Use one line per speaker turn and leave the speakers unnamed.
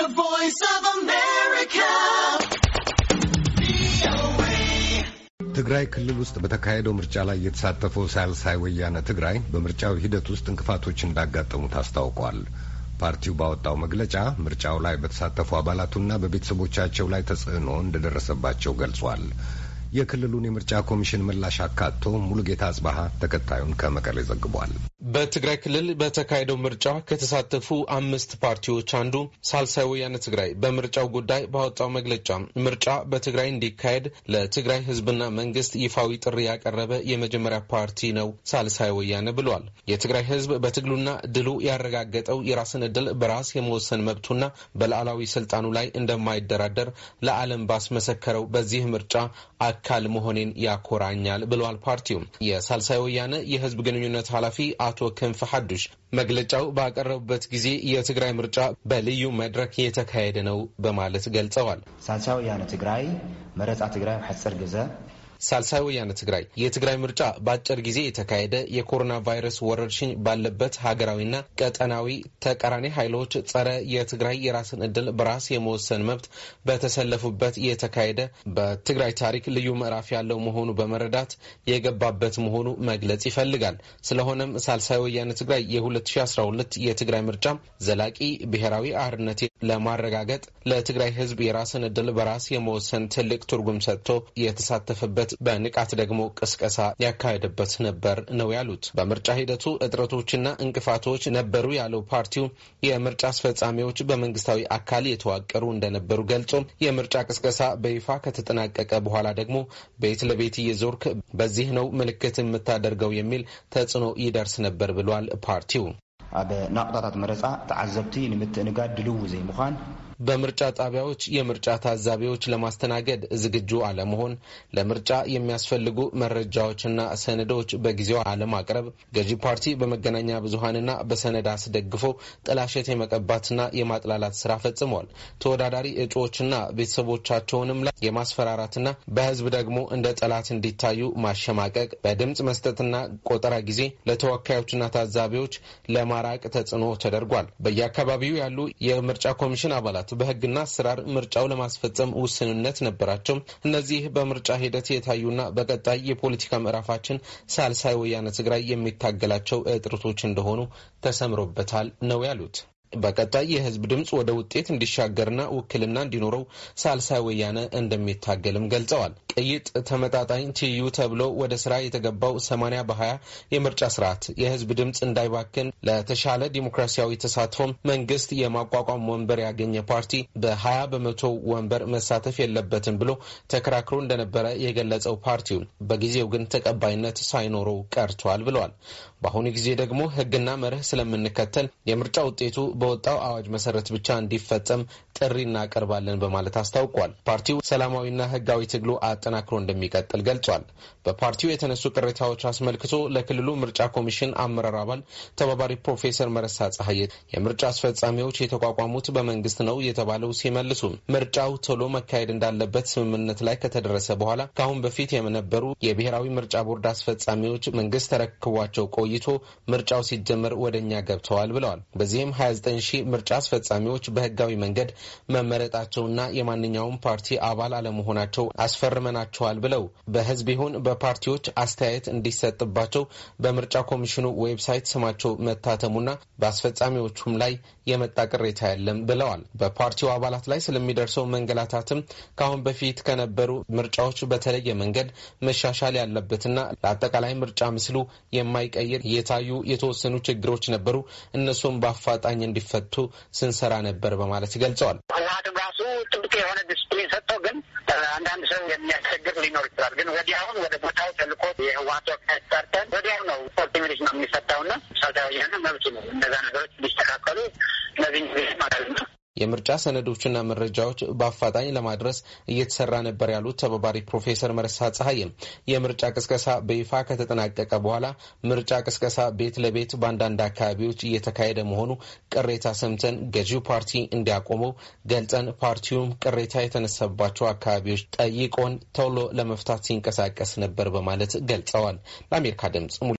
The Voice of America. ትግራይ ክልል ውስጥ በተካሄደው ምርጫ ላይ የተሳተፈው ሳልሳይ ወያነ ትግራይ በምርጫው ሂደት ውስጥ እንቅፋቶች እንዳጋጠሙት አስታውቋል። ፓርቲው ባወጣው መግለጫ ምርጫው ላይ በተሳተፉ አባላቱና በቤተሰቦቻቸው ላይ ተጽዕኖ እንደደረሰባቸው ገልጿል። የክልሉን የምርጫ ኮሚሽን ምላሽ አካቶ ሙሉጌታ አጽባሃ ተከታዩን ከመቀሌ ዘግቧል። በትግራይ ክልል በተካሄደው ምርጫ ከተሳተፉ አምስት ፓርቲዎች አንዱ ሳልሳይ ወያነ ትግራይ በምርጫው ጉዳይ ባወጣው መግለጫ ምርጫ በትግራይ እንዲካሄድ ለትግራይ ሕዝብና መንግስት ይፋዊ ጥሪ ያቀረበ የመጀመሪያ ፓርቲ ነው ሳልሳይ ወያነ ብሏል። የትግራይ ሕዝብ በትግሉና ድሉ ያረጋገጠው የራስን እድል በራስ የመወሰን መብቱና በሉዓላዊ ስልጣኑ ላይ እንደማይደራደር ለዓለም ባስመሰከረው በዚህ ምርጫ አካል መሆኔን ያኮራኛል ብሏል። ፓርቲው የሳልሳይ ወያነ የሕዝብ ግንኙነት ኃላፊ አቶ አቶ ክንፍ ሐዱሽ መግለጫው ባቀረቡበት ጊዜ የትግራይ ምርጫ በልዩ መድረክ የተካሄደ ነው በማለት ገልጸዋል ሳልሳይ ወያነ ትግራይ መረፃ ትግራይ ሐፀር ግዜ ሳልሳይ ወያነ ትግራይ የትግራይ ምርጫ በአጭር ጊዜ የተካሄደ የኮሮና ቫይረስ ወረርሽኝ ባለበት ሀገራዊና ቀጠናዊ ተቃራኒ ኃይሎች ጸረ የትግራይ የራስን እድል በራስ የመወሰን መብት በተሰለፉበት የተካሄደ በትግራይ ታሪክ ልዩ ምዕራፍ ያለው መሆኑ በመረዳት የገባበት መሆኑ መግለጽ ይፈልጋል። ስለሆነም ሳልሳይ ወያነ ትግራይ የ2012 የትግራይ ምርጫ ዘላቂ ብሔራዊ አርነት ለማረጋገጥ ለትግራይ ህዝብ የራስን እድል በራስ የመወሰን ትልቅ ትርጉም ሰጥቶ የተሳተፈበት በንቃት ደግሞ ቅስቀሳ ያካሄደበት ነበር ነው ያሉት። በምርጫ ሂደቱ እጥረቶችና እንቅፋቶች ነበሩ ያለው ፓርቲው የምርጫ አስፈጻሚዎች በመንግስታዊ አካል የተዋቀሩ እንደነበሩ ገልጾ የምርጫ ቅስቀሳ በይፋ ከተጠናቀቀ በኋላ ደግሞ ቤት ለቤት እየዞርክ በዚህ ነው ምልክት የምታደርገው የሚል ተጽዕኖ ይደርስ ነበር ብሏል ፓርቲው። ኣብ ናቕጣታት መረፃ ተዓዘብቲ ንምትእንጋድ ድልው ዘይምዃን በምርጫ ጣቢያዎች የምርጫ ታዛቢዎች ለማስተናገድ ዝግጁ አለመሆን፣ ለምርጫ የሚያስፈልጉ መረጃዎችና ሰነዶች በጊዜው አለማቅረብ፣ ገዢ ፓርቲ በመገናኛ ብዙሀንና በሰነድ አስደግፎ ጥላሸት የመቀባትና የማጥላላት ስራ ፈጽሟል። ተወዳዳሪ እጩዎችና ቤተሰቦቻቸውንም ላይ የማስፈራራትና በህዝብ ደግሞ እንደ ጠላት እንዲታዩ ማሸማቀቅ፣ በድምፅ መስጠትና ቆጠራ ጊዜ ለተወካዮችና ታዛቢዎች ለማራቅ ተጽዕኖ ተደርጓል። በየአካባቢው ያሉ የምርጫ ኮሚሽን አባላት አካላት በህግና አሰራር ምርጫው ለማስፈጸም ውስንነት ነበራቸው። እነዚህ በምርጫ ሂደት የታዩና በቀጣይ የፖለቲካ ምዕራፋችን ሳልሳይ ወያነ ትግራይ የሚታገላቸው እጥረቶች እንደሆኑ ተሰምሮበታል ነው ያሉት። በቀጣይ የህዝብ ድምፅ ወደ ውጤት እንዲሻገርና ውክልና እንዲኖረው ሳልሳይ ወያነ እንደሚታገልም ገልጸዋል። ቅይጥ ተመጣጣኝ ትይዩ ተብሎ ወደ ስራ የተገባው 80 በ20 የምርጫ ስርዓት የህዝብ ድምፅ እንዳይባክን ለተሻለ ዲሞክራሲያዊ ተሳትፎም መንግስት የማቋቋም ወንበር ያገኘ ፓርቲ በ20 በመቶ ወንበር መሳተፍ የለበትም ብሎ ተከራክሮ እንደነበረ የገለጸው ፓርቲው በጊዜው ግን ተቀባይነት ሳይኖረው ቀርቷል ብለዋል። በአሁኑ ጊዜ ደግሞ ህግና መርህ ስለምንከተል የምርጫ ውጤቱ በወጣው አዋጅ መሰረት ብቻ እንዲፈጸም ጥሪ እናቀርባለን በማለት አስታውቋል። ፓርቲው ሰላማዊና ህጋዊ ትግሉ አጠናክሮ እንደሚቀጥል ገልጿል። በፓርቲው የተነሱ ቅሬታዎች አስመልክቶ ለክልሉ ምርጫ ኮሚሽን አመራር አባል ተባባሪ ፕሮፌሰር መረሳ ጸሐይ የምርጫ አስፈጻሚዎች የተቋቋሙት በመንግስት ነው የተባለው ሲመልሱ ምርጫው ቶሎ መካሄድ እንዳለበት ስምምነት ላይ ከተደረሰ በኋላ ከአሁን በፊት የነበሩ የብሔራዊ ምርጫ ቦርድ አስፈጻሚዎች መንግስት ተረክቧቸው ቆይቶ ምርጫው ሲጀመር ወደ እኛ ገብተዋል ብለዋል። በዚህም 29 ዘጠኝ ሺህ ምርጫ አስፈጻሚዎች በህጋዊ መንገድ መመረጣቸውና የማንኛውም ፓርቲ አባል አለመሆናቸው አስፈርመናቸዋል ብለው በህዝብ ይሁን በፓርቲዎች አስተያየት እንዲሰጥባቸው በምርጫ ኮሚሽኑ ዌብሳይት ስማቸው መታተሙና በአስፈጻሚዎቹም ላይ የመጣ ቅሬታ የለም ብለዋል። በፓርቲው አባላት ላይ ስለሚደርሰው መንገላታትም ከአሁን በፊት ከነበሩ ምርጫዎች በተለየ መንገድ መሻሻል ያለበትና ለአጠቃላይ ምርጫ ምስሉ የማይቀይር የታዩ የተወሰኑ ችግሮች ነበሩ። እነሱም በአፋጣኝ እንዲ እንዲፈቱ ስንሰራ ነበር በማለት ገልጸዋል። ህወሀትም ራሱ ጥብቅ የሆነ ዲስፕሊን ሰጥተው ግን አንዳንድ ሰው የሚያስቸግር ሊኖር ይችላል። ግን ወዲያውን ወደ ቦታው ተልኮ የህወሀት ወዲያው ነው ሚሊሽ ነው ሰልታዊ የሆነ ነው። እነዛ ነገሮች እነዚህ ማለት ነው የምርጫ ሰነዶችና መረጃዎች በአፋጣኝ ለማድረስ እየተሰራ ነበር ያሉት ተባባሪ ፕሮፌሰር መረሳ ጸሐይም የምርጫ ቅስቀሳ በይፋ ከተጠናቀቀ በኋላ ምርጫ ቅስቀሳ ቤት ለቤት በአንዳንድ አካባቢዎች እየተካሄደ መሆኑ ቅሬታ ሰምተን ገዢው ፓርቲ እንዲያቆመው ገልጸን ፓርቲውም ቅሬታ የተነሳባቸው አካባቢዎች ጠይቆን ቶሎ ለመፍታት ሲንቀሳቀስ ነበር በማለት ገልጸዋል። ለአሜሪካ ድምጽ